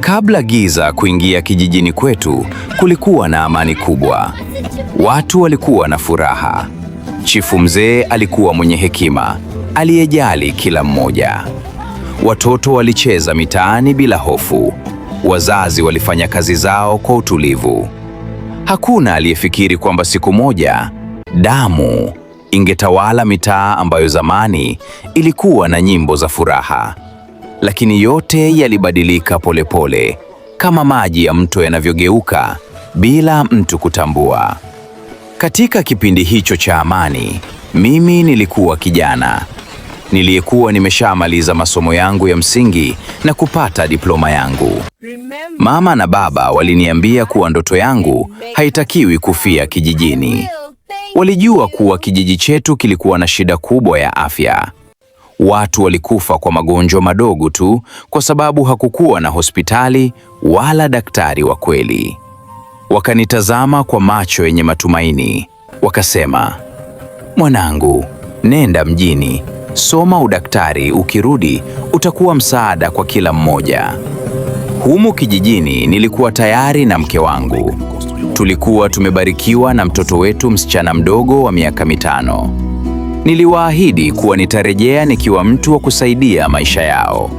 Kabla giza kuingia kijijini kwetu, kulikuwa na amani kubwa. Watu walikuwa na furaha. Chifu mzee alikuwa mwenye hekima, aliyejali kila mmoja. Watoto walicheza mitaani bila hofu. Wazazi walifanya kazi zao kwa utulivu. Hakuna aliyefikiri kwamba siku moja damu ingetawala mitaa ambayo zamani ilikuwa na nyimbo za furaha lakini yote yalibadilika polepole pole, kama maji ya mto yanavyogeuka bila mtu kutambua. Katika kipindi hicho cha amani, mimi nilikuwa kijana niliyekuwa nimeshamaliza masomo yangu ya msingi na kupata diploma yangu. Mama na baba waliniambia kuwa ndoto yangu haitakiwi kufia kijijini. Walijua kuwa kijiji chetu kilikuwa na shida kubwa ya afya, watu walikufa kwa magonjwa madogo tu kwa sababu hakukuwa na hospitali wala daktari wa kweli. Wakanitazama kwa macho yenye matumaini, wakasema, mwanangu, nenda mjini, soma udaktari, ukirudi utakuwa msaada kwa kila mmoja. Humu kijijini nilikuwa tayari na mke wangu. Tulikuwa tumebarikiwa na mtoto wetu msichana mdogo wa miaka mitano. Niliwaahidi kuwa nitarejea nikiwa mtu wa kusaidia maisha yao.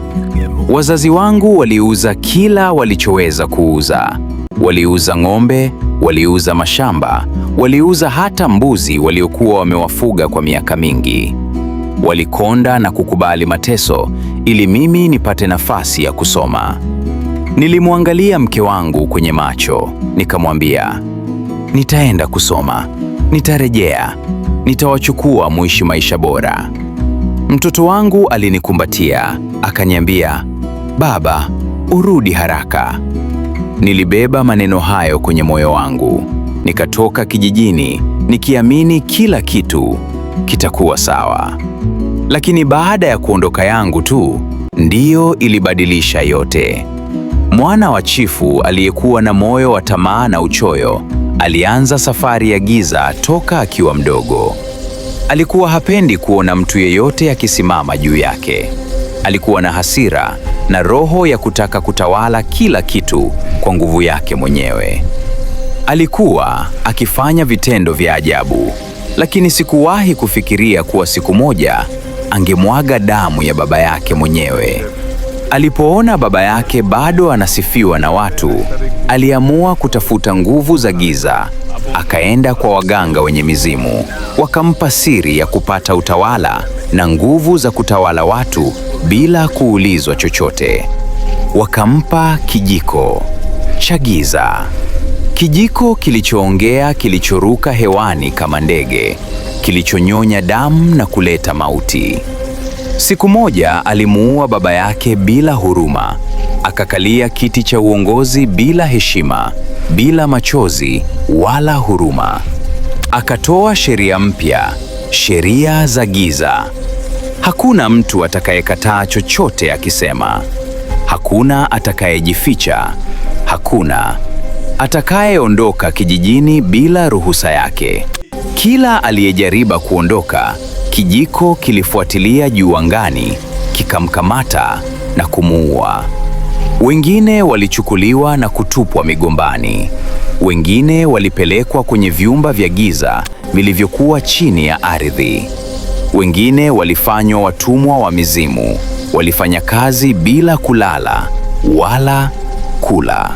Wazazi wangu waliuza kila walichoweza kuuza. Waliuza ng'ombe, waliuza mashamba, waliuza hata mbuzi waliokuwa wamewafuga kwa miaka mingi. Walikonda na kukubali mateso ili mimi nipate nafasi ya kusoma. Nilimwangalia mke wangu kwenye macho, nikamwambia, nitaenda kusoma, nitarejea nitawachukua muishi maisha bora. Mtoto wangu alinikumbatia akaniambia, baba, urudi haraka. Nilibeba maneno hayo kwenye moyo wangu, nikatoka kijijini nikiamini kila kitu kitakuwa sawa. Lakini baada ya kuondoka yangu tu ndiyo ilibadilisha yote. Mwana wa chifu aliyekuwa na moyo wa tamaa na uchoyo Alianza safari ya giza toka akiwa mdogo. Alikuwa hapendi kuona mtu yeyote akisimama juu yake. Alikuwa na hasira na roho ya kutaka kutawala kila kitu kwa nguvu yake mwenyewe. Alikuwa akifanya vitendo vya ajabu, lakini sikuwahi kufikiria kuwa siku moja angemwaga damu ya baba yake mwenyewe. Alipoona baba yake bado anasifiwa na watu, aliamua kutafuta nguvu za giza. Akaenda kwa waganga wenye mizimu, wakampa siri ya kupata utawala na nguvu za kutawala watu bila kuulizwa chochote. Wakampa kijiko cha giza, kijiko kilichoongea, kilichoruka hewani kama ndege, kilichonyonya damu na kuleta mauti. Siku moja alimuua baba yake bila huruma, akakalia kiti cha uongozi bila heshima, bila machozi wala huruma. Akatoa sheria mpya, sheria za giza. Hakuna mtu atakayekataa chochote akisema, hakuna atakayejificha, hakuna atakayeondoka kijijini bila ruhusa yake. Kila aliyejariba kuondoka Kijiko kilifuatilia juu angani kikamkamata na kumuua. Wengine walichukuliwa na kutupwa migombani. Wengine walipelekwa kwenye vyumba vya giza vilivyokuwa chini ya ardhi. Wengine walifanywa watumwa wa mizimu. Walifanya kazi bila kulala wala kula.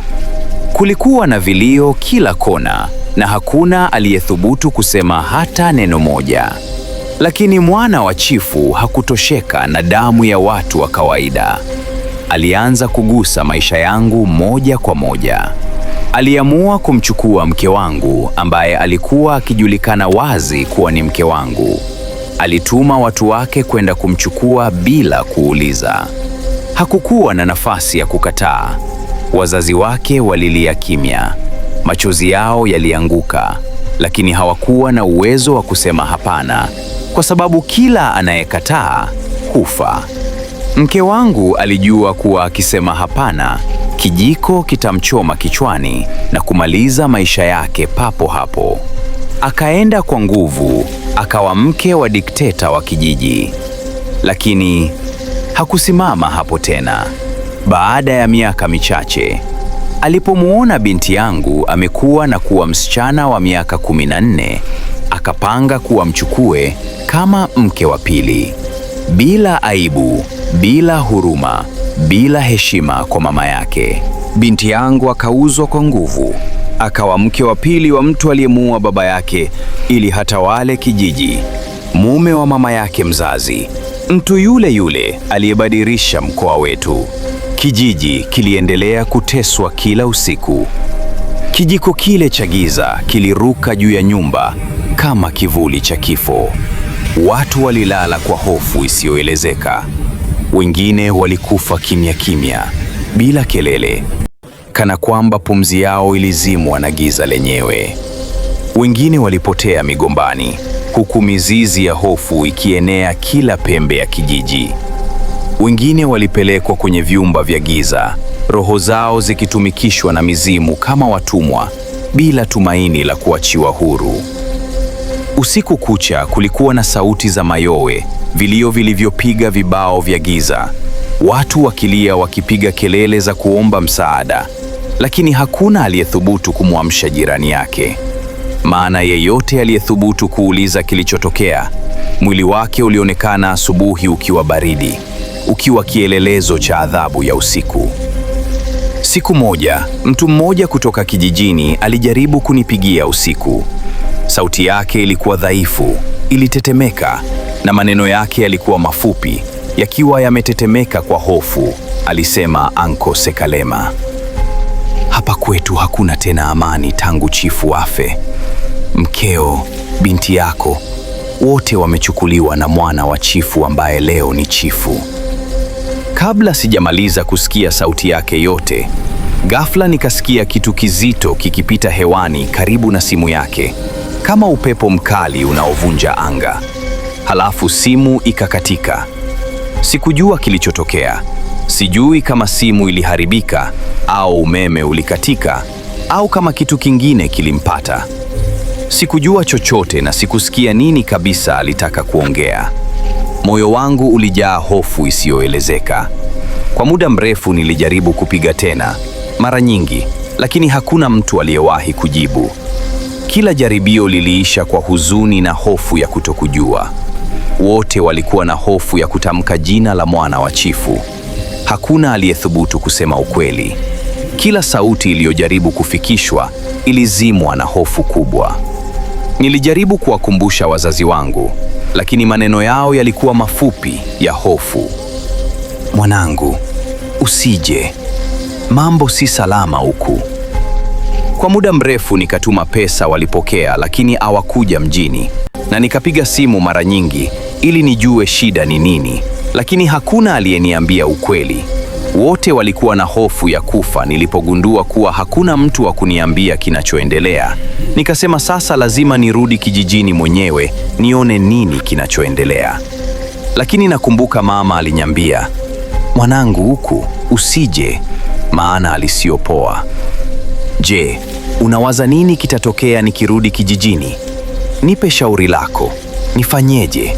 Kulikuwa na vilio kila kona na hakuna aliyethubutu kusema hata neno moja. Lakini mwana wa chifu hakutosheka na damu ya watu wa kawaida. Alianza kugusa maisha yangu moja kwa moja. Aliamua kumchukua mke wangu ambaye alikuwa akijulikana wazi kuwa ni mke wangu. Alituma watu wake kwenda kumchukua bila kuuliza. Hakukuwa na nafasi ya kukataa. Wazazi wake walilia kimya, machozi yao yalianguka lakini hawakuwa na uwezo wa kusema hapana, kwa sababu kila anayekataa kufa. Mke wangu alijua kuwa akisema hapana, kijiko kitamchoma kichwani na kumaliza maisha yake papo hapo. Akaenda kwa nguvu, akawa mke wa dikteta wa kijiji. Lakini hakusimama hapo tena. Baada ya miaka michache Alipomuona binti yangu amekuwa na kuwa msichana wa miaka 14, akapanga kuwa mchukue kama mke wa pili, bila aibu, bila huruma, bila heshima kwa mama yake. Binti yangu akauzwa kwa nguvu, akawa mke wa pili wa mtu aliyemuua baba yake ili hatawale kijiji, mume wa mama yake mzazi, mtu yule yule aliyebadilisha mkoa wetu. Kijiji kiliendelea kuteswa kila usiku. Kijiko kile cha giza kiliruka juu ya nyumba kama kivuli cha kifo. Watu walilala kwa hofu isiyoelezeka. Wengine walikufa kimya kimya, bila kelele, kana kwamba pumzi yao ilizimwa na giza lenyewe. Wengine walipotea migombani, huku mizizi ya hofu ikienea kila pembe ya kijiji. Wengine walipelekwa kwenye vyumba vya giza, roho zao zikitumikishwa na mizimu kama watumwa, bila tumaini la kuachiwa huru. Usiku kucha kulikuwa na sauti za mayowe, vilio vilivyopiga vibao vya giza, watu wakilia, wakipiga kelele za kuomba msaada, lakini hakuna aliyethubutu kumwamsha jirani yake, maana yeyote aliyethubutu kuuliza kilichotokea, mwili wake ulionekana asubuhi ukiwa baridi ukiwa kielelezo cha adhabu ya usiku. Siku moja, mtu mmoja kutoka kijijini alijaribu kunipigia usiku. Sauti yake ilikuwa dhaifu, ilitetemeka, na maneno yake yalikuwa mafupi, yakiwa yametetemeka kwa hofu. Alisema, Anko Sekalema, hapa kwetu hakuna tena amani tangu chifu afe. Mkeo, binti yako, wote wamechukuliwa na mwana wa chifu ambaye leo ni chifu. Kabla sijamaliza kusikia sauti yake yote, ghafla nikasikia kitu kizito kikipita hewani karibu na simu yake, kama upepo mkali unaovunja anga. Halafu simu ikakatika. Sikujua kilichotokea. Sijui kama simu iliharibika au umeme ulikatika au kama kitu kingine kilimpata. Sikujua chochote na sikusikia nini kabisa alitaka kuongea. Moyo wangu ulijaa hofu isiyoelezeka. Kwa muda mrefu nilijaribu kupiga tena, mara nyingi, lakini hakuna mtu aliyewahi kujibu. Kila jaribio liliisha kwa huzuni na hofu ya kutokujua. Wote walikuwa na hofu ya kutamka jina la mwana wa chifu. Hakuna aliyethubutu kusema ukweli. Kila sauti iliyojaribu kufikishwa ilizimwa na hofu kubwa. Nilijaribu kuwakumbusha wazazi wangu, lakini maneno yao yalikuwa mafupi ya hofu. Mwanangu, usije, mambo si salama huku. Kwa muda mrefu nikatuma pesa, walipokea, lakini hawakuja mjini, na nikapiga simu mara nyingi ili nijue shida ni nini, lakini hakuna aliyeniambia ukweli. Wote walikuwa na hofu ya kufa nilipogundua kuwa hakuna mtu wa kuniambia kinachoendelea. Nikasema sasa lazima nirudi kijijini mwenyewe nione nini kinachoendelea. Lakini nakumbuka mama alinyambia mwanangu, huku usije, maana alisiopoa. Je, unawaza nini kitatokea nikirudi kijijini? Nipe shauri lako, nifanyeje?